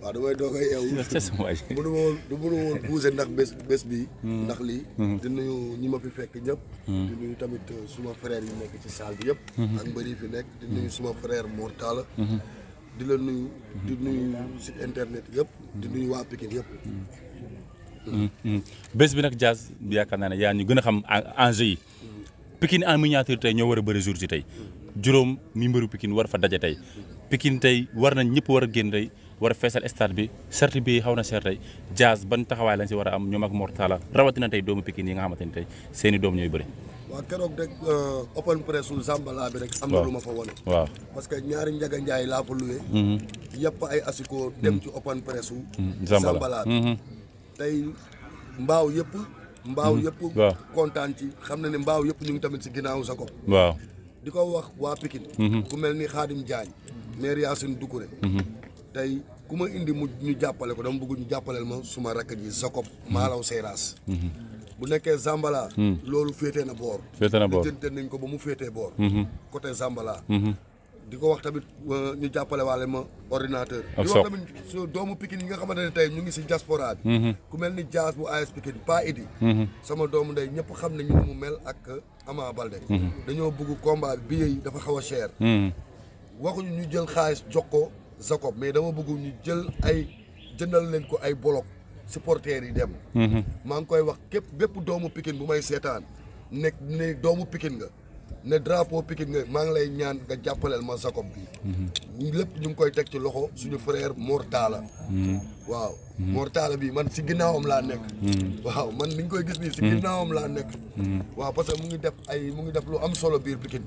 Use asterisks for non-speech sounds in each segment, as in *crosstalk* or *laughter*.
waaw damay doog a yeewu *laughs* mënu ma woon du mënu woon bougé ndax bés bi hmm. ndax li hmm. di ñu ñi ma fi fekk ñëpp hmm. di nuyu tamit euh, suma frère yi nekk ci salle bi yëpp ak mbër fi nekk di nuyu suma frère Mor di la internet yépp di nuyu waa Pikine yëpp bés bi nag Diaz yaakaar naa ne yaa ñu gën a xam enjeu yi Pikine en miniature tey ñoo war a bëri jour si tey juróom mi mbëru Pikine war fa daje tey Pikine tey war nañ ñëpp war a génn tey war fessel feesal stade bi sarti bi xawna ser seer jazz ban taxaway lañ ci wara am ñom ak Mortala rawatina tay doomu Pikine yi nga xamanteni tay seeni doom ñoy bëri. wa kérok rek euh, open press su Zambala bi rek. am na lu fa wane. wa parce que ñaari ñaga ñay la fa hmm yépp ay asiko. dem ci mhm. open press su. Zambala hmm tay mbaaw yépp mbaaw mhm. yépp waaw ci xamna ni mbaaw yépp ñu ngi tamit si ginnaawu sa ko waaw di wax wa Pikine. Mhm. ku melni Khadim jaay maire Yacine Doucouré. tey ku ma indi mu ñu jàppale ko dama bëgg ñu jàppaleel ma suma rakk ji Jacob Malaw Seyras bu nekkee Zambala hmm. loolu féetee na boor féetee na boor nañ ko ba mu féetee boor hmm. côté Zambala hmm. di ko wax tamit ñu jàppale waale ma ordinateur di wax tamit su doomu Pikine yi nga xamante ne tey ñu ngi si diaspora bi ku mel ni Dias bu AS Pikine Pa Idi sama doomu ndey ñëpp xam nañu ni mu mel ak amaa Balde dañoo bëgg combat bi yi dafa xaw a cher waxuñu ñu jël xaalis jox ko Jacob mais dama bëgg ñu jël ay jëndal leen ko ay bolok supporters yi dem. Mhm. maa ngi koy wax képp bépp doomu pikin bu may seetaan nekk ne doomu Pikine nga ne drapeau Pikine nga maa ngi lay ñaan nga jàppaleel ma Jacob bi. Mhm. lépp ñu ngi koy teg ci loxo suñu frère Mor Talla. Mhm. waaw Mor bi man si ginnaawam laa nekk. waaw man ni ñu koy gis nii si ginnaawam laa nekk. waaw parce que mu ngi def ay mu ngi def lu am solo biir Pikine.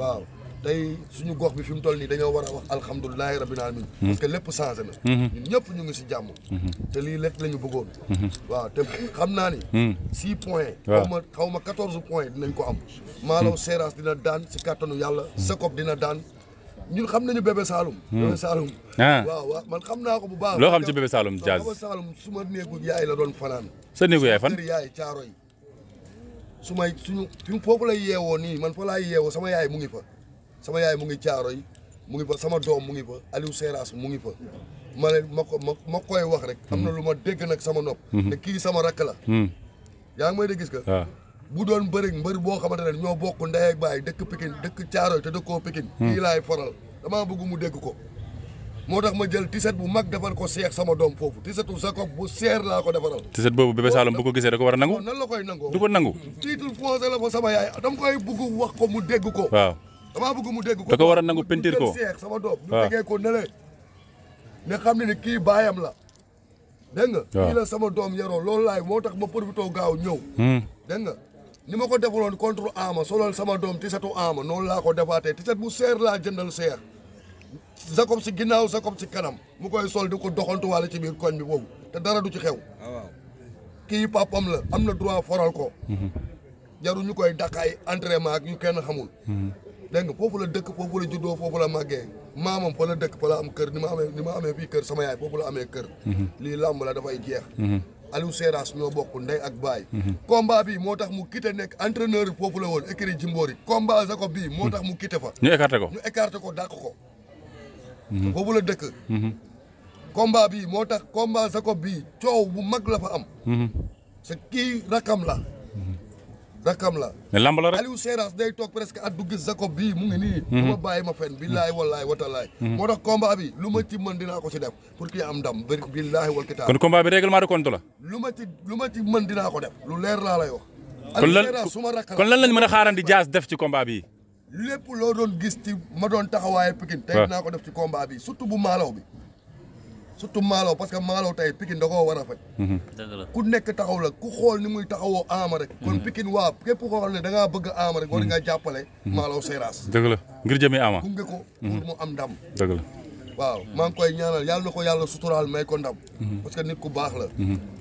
waaw. day suñu gox bi fi mu toll nii dañoo war a wax alhamdulilahi rabbil alamin hmm. parce que lépp changé na hmm. ñëpp ñu ngi si jàmm hmm. te lii lépp la ñu bëggoon waaw te xam naa ni six points xaw ma xaw ma quatorze dinañ ko am maalaw seeraas dina daan si kàttanu yàlla sakob dina daan ñun xam nañu bébé Saloum bébé Saloum ah. waaw waaw man xam naa ko bu baax loo xam ci bébé Saloum jazz bébé su ma néegu yaay la doon fanaan sa néegu yaay fan yaay caaro yi su may suñu foofu la yeewoo nii man fa laay yeewoo sama yaay mu ngi fa sama yaay mu ngi jaaro yi mu ngi fa sama doom mu ngi fa Aliou Seras mu ngi fa mané mako ma koy wax rek amna luma dégg nak sama nop né hmm. ki sama rak la hmm. yaa ngi may dégg ska ka ah. bu doon bëre mbeur bo xamante ne ñoo bokk ndey ak bay dëkk Pikine dëkk jaaro yi te dëkkoo Pikine hmm. kii lay faral dama bëgg mu dégg ko motax ma jël tiset bu mag defal ko seex sama dom fofu tissetu Jacob bu seer la ko defal tiset bobu bébé salam bu ko gisee da ko wara nangu nan la koy nangu du ko nangu la sama yaay dam koy bëgg wax ko mu dégg ko waaw damaa bëgg mu dégg ko da war a nangu pentir ko seex sama doom ñu ah. tegee ko nële ne xam ne ni kii baayam la dégg nga ah. sama doom yaroo loolu laay moo tax ma profité gaaw ñëw hmm. dégg nga ni ma ko defaloon contre ama solol sama doom tisatu ama noonu laa ko defaatee tisat bu seer laa jëndal seer Jacob si ginnaaw Jacob si kanam mu koy sol di ko doxantuwaale ci biir koñ bi boobu te dara du ci xew ah, kii papam la am na droit foral ko hmm. jaru ñu koy dàq ay entraînement ak ñu kenn xamul hmm. dégg nga foofu la dëkk foofu la juddoo foofu la màggee maamam fa la dëkk fa la am kër ni ma amee ni ma amee fii kër sama yaay foofu la amee kër mhm. li làmb la dafay jeex mhm. Aliou Seras ñoo bokk ndey ak baay mhm. combat bi moo tax mu quitté nekk entraîneur foofu la woon écrit Jimbori combat Jacob bii moo tax mu quitté fa ñu écarté ko ñu ko dàq ko foofu la dëkk combat bii moo tax combat Jacob bii coow bu mag la fa am sa kii rakam la rakam la mais lamb la rek Aliou Seras day toog presque at du gis Jacob bii mu ngi nii. Mhm. du ma bàyyi ma fen billaahi mhm. wallaahi watalaay. Mhm. moo tax combat bi lu ma ci mën dinaa ko ci def pour que am ndam bëri billaahi wal kitaab. kon combat bi règlement de compte la. lu ma ci lu ma ci dinaa ko def. lu leer laa lay wax. Aliou su ma rakk kon lan lañ mën a xaarandi Diaz def ci combat bi. lépp loo doon gis ci ma doon taxawaaye Pikine. tey dinaa ko def ci combat bi surtout bu maalaw bi. surtout Malaw parce que maalo tey Pikine da koo war a faj. Mhm. ku nekk taxaw la ku xool ni muy taxawoo Ama rek. kon mhm. Pikine waa képp koo xam ne da ngaa bëgg Ama rek war nga mhm. jàppale. Malaw Seras. dëgg la ngir jëmee Ama. gunge ko pour mu am ndam. dëgg la. waaw maa ngi koy ñaanal yàlla na ko yàlla suturaal may ko ndam. parce que nit ku baax la.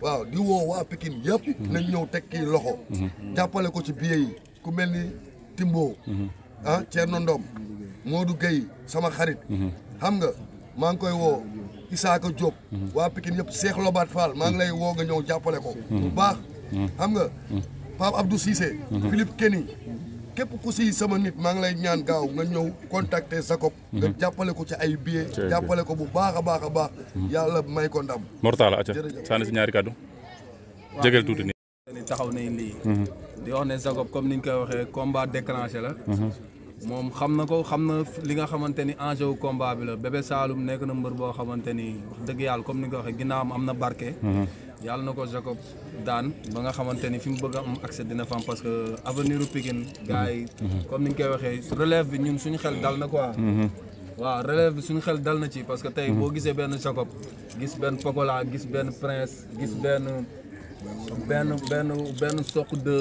waaw di woo waa Pikine yëpp. nañ ñëw teg kii loxo. jàppale ko ci billet yi ku mel ni Timbo. ah Thierno Ndom Modou Gueye sama xarit. xam nga maa ngi koy Isaaka Diop. waa Pikine yëpp Cheikh Lobaat Fall maa ngi lay woo nga ñëw jàppale ko. bu baax. xam nga Pape Abdou Cissé. Philippe Kenny. képp ku si sama nit maa ngi lay ñaan gaaw nga ñëw contacter Jacob nga jàppale ko ci ay billets jàppale ko bu baax a baax a baax yàlla may ko ndam mortala aca saani si ñaari kàddu jégal tuuti ni taxaw nañ lii mhm. di wax ne Jacob comme niñ koy waxee combat déclenché la mhm. moom xam na ko xam na li nga xamante ni enjeu wu combat bi la Bébé Saloum nekk na mbër boo xamante ni wax dëgg yàlla comme ni nga ko waxee ginnaawam am na barke. Mhm. yàlla na ko Jacob daan ba nga xamante ni fi mu bëgg a am accès dina fa parce que avenir u Pikine gars mhm. Mhm. comme ni ñu koy waxee relève bi ñun suñu xel dal na quoi. waaw relève bi suñu xel dal na ci parce que tey boo gisee benn Jacob gis benn Pokola gis benn Prince gis benn. benn benn benn soq de.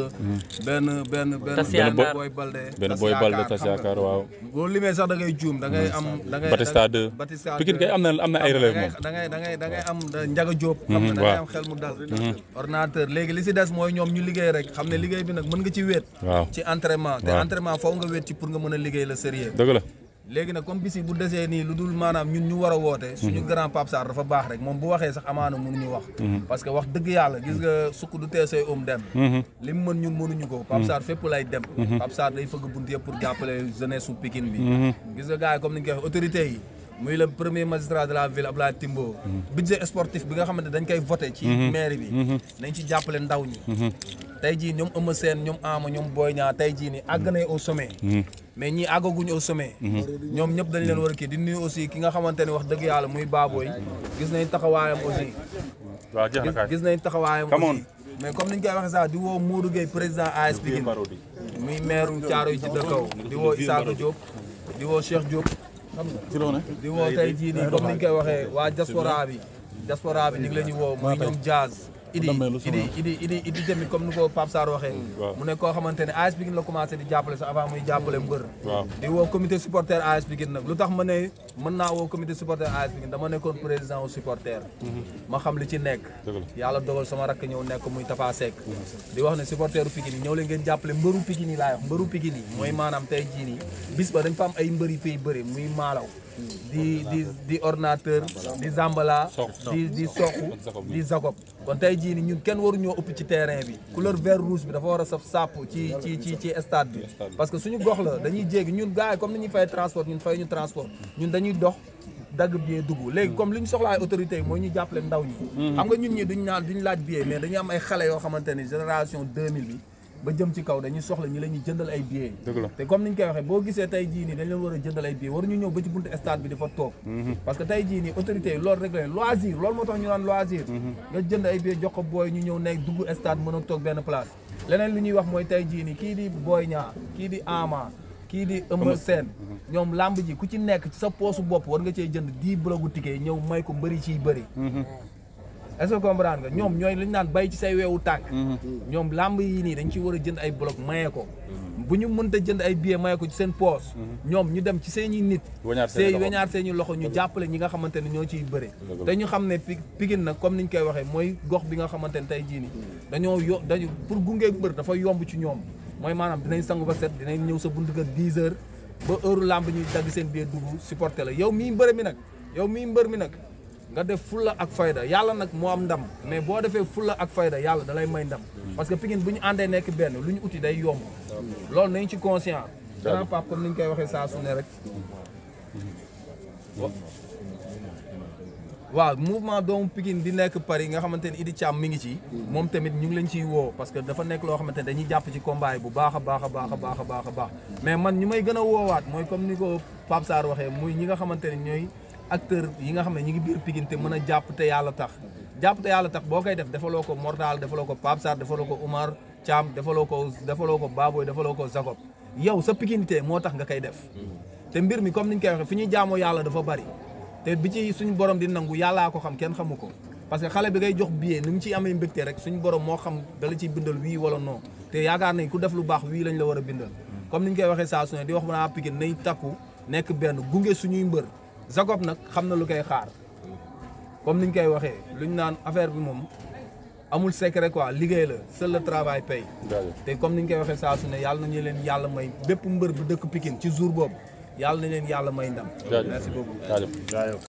benn benn benn. tas yaakaar benn balde. benn booy balde tas yaakaar waaw. boo limee sax da ngay juum da ngay am. da ngay Batista 2 Batista 2 Pikine kay am na am na ay relève moom. da ngay da ngay da ngay am njaga jóob. Mhm, xam ne da ngay am xel mu dal. ordinateur léegi li si des mooy ñoom ñu liggéey rek xam ne liggéey bi nag mën nga ci wéet. waaw ci entraînement. te entraînement faw nga wéet ci pour nga mën a liggéey la sérieux. dëgg la. léegi nag comme bisi bu desee nii lu dul maanaam ñun ñu war a woote su mhm. grand Pape Sarr dafa baax rek moom bu waxee sax amaana mënuñu wax mhm. parce que wax dëgg yàlla gis nga sukk du teesee um dem mhm. li mu ñun mënuñu ko Pape Sarr fépp lay dem Pape Sarr day fëgg bunt yëpp pour jàppale jeunesse su Pikine bi gis nga gars comme ni ñu autorité yi muy le premier magistrat de la ville Abdoulaye Timbo. Mhm. budget sportif bi nga xamante dañ koy voté. ci mhm. mairie bi. Mhm. nañ ci jàppale ndaw ñi. tey jii ñoom Eumeu Sène ñoom Ama ñoom Boy ñaa tey jii nii àgg nañ au sommet. mais ñii àggaguñu au sommet. ñoom ñëpp dañ leen war a kii di nuyu aussi ki nga xamante ne wax dëgg yàlla muy Baboy gis nañ taxawaayam aussi. waaw na gis nañ taxawaayam aussi. mais comme niñ koy wax saa di woo Modou Gueye président AS Pikine muy maire Thiaroye ci Kaw di woo Isaka Diop ci di woo tey jii nii comme ni ñu koy waxee waa diaspora bi diaspora bi ñu ngi leen di woo muy ñoom jazz idi idi idi idi idi tamit comme ni ko Pape Sarr waxee mm, mu ne koo xamante ne AS Pikine la commencé di jàppale sax avant muy jàppale mbër di woo comité supporter AS Pikine nag lu tax ma ne mën naa woo comité supporter AS Pikine dama nekkoon président au supporter mm-hmm. ma xam li nekk yàlla dogal sama rakk ñëw nekk muy Tafa Seck mm-hmm. di wax ne supporteru Pikine yi ñëw leen ngeen jàppale mbëru Pikine yi laay wax mbëru Pikine yi mooy mm-hmm. maanaam tey bis ba dañ fa am ay mbëri fay bëri muy maalaw di di di ordinateur di Zambala di di Sokku di Zakob kon tey jii ni ñun kenn waruñoo ëpp ci terrain bi couleur vert rouge bi dafa war a saf sàpp ci ci ci ci stade bi parce que suñu gox la dañuy jéegi ñun gaa yi comme ni ñuy fay transport ñun fay ñu transport ñun dañuy dox dagg billet dugg léegi comme li ñu soxla ay autorités yi mooy ñu jàppale ndaw ñi hmm. xam nga ñun ñi duñ naan ñu laaj billet mais dañu am ay xale yoo xamante ne génération 2000 bi ba jëm ci kaw dañuy soxla ñi la ñuy jëndal ay billets yi te comme ni niñ koy waxee boo gisee tey jii nii dañ leen war a jëndal ay billets waruñu ñëw ba ci buntu stade bi dafa toog mhm. parce que tey jii nii autorité yi loolu rek la loisir loolu moo tax ñu naan loisir mhm. nga jënd ay billets jox ko booy ñu ñëw nekk dugg stade mën a toog benn place leneen lu ñuy wax mooy tey jii nii kii di booy ñaa kii di Ama kii di Eumeu Sène mhm. ñoom lamb ji ku ci nekk ci sa poosu bopp war nga cee jënd dix blogu ticket ñëw may ko mbëri ciy bëri est-ce que comprendre nga ñoom ñooy lañ naan bay ci say weewu tànk mhm. Mhm. ñoom lamb yi nii dañ ci war a jënd ay bloc maye ko mhm. bu ñu mënta jënd ay billet maye ko ci seen ñu dem ci seeni nit sey weñaar seeni loxo ñu jàppale ñi nga xamante ne ñoo ciy bëre te ñu xam ne pigin nag comme niñ koy waxee mooy gox bi nga dañoo yo dañu pour gungee mbër dafa yomb ci ñoom mooy maanaam dinañ sangu ba set dinañ ñëw sa buntu kër 10 heures ba heure lamb ñuy dagg seen billet dugg supporter la yow mi yow mi nga def fulla ak fayda yàlla nag moo am ndam mais boo defee fulla ak fayda yàlla dalay may ndam parce que Pikine bu ñu àndee nekk benn lu ñu uti day yomb loolu nañ ci conscient grand pape comme ni ñu koy waxee saa su ne rek waaw mouvement doomu Pikine di nekk Paris nga xamante ne Idi Thiam mi ngi ci moom tamit ñu ngi leen ciy woo parce que dafa nekk loo xamante ne dañuy jàpp ci combat bu baax a baax a baax a baax a baax mais man ñu may gën a woowaat mooy comme ni ko Pape Sarr waxee muy ñi nga xamante ne ñooy acteur yi nga xam ne ñu ngi biir Pikine te mën a jàpp te yàlla tax jàpp te yàlla tax boo koy def defaloo ko Mortal defaloo ko Pape Sarr defaloo ko Oumar Thiam defaloo ko defaloo ko Baboy defaloo ko Jacob yow sa pikinité moo tax nga koy def te mbir mi comme ñu koy waxee fi ñuy jaamoo yàlla dafa bari te bi ci suñu borom di nangu yàllaa ko xam kenn xamu ko parce que xale bi ngay jox billet ni mu ci amee mbégte rek suñu borom moo xam dala ciy bindal wii wala non te yaakaar nañ ku def lu baax wii lañ la war a bindal comme niñ koy waxee saa su ne di wax naa Pikine nañ takku nekk benn gunge suñuy mbër Jacob nag xam na lu koy xaar comme ni ñu koy waxee lu ñu naan affaire bi moom amul secret quoi liggéey la seul le travail paye te comme ñu koy waxee saa su ne yàlla nañu leen yàlla may bépp mbër bu dëkk Pikine ci jour boobu yàlla na leen yàlla may ndam merci beaucoup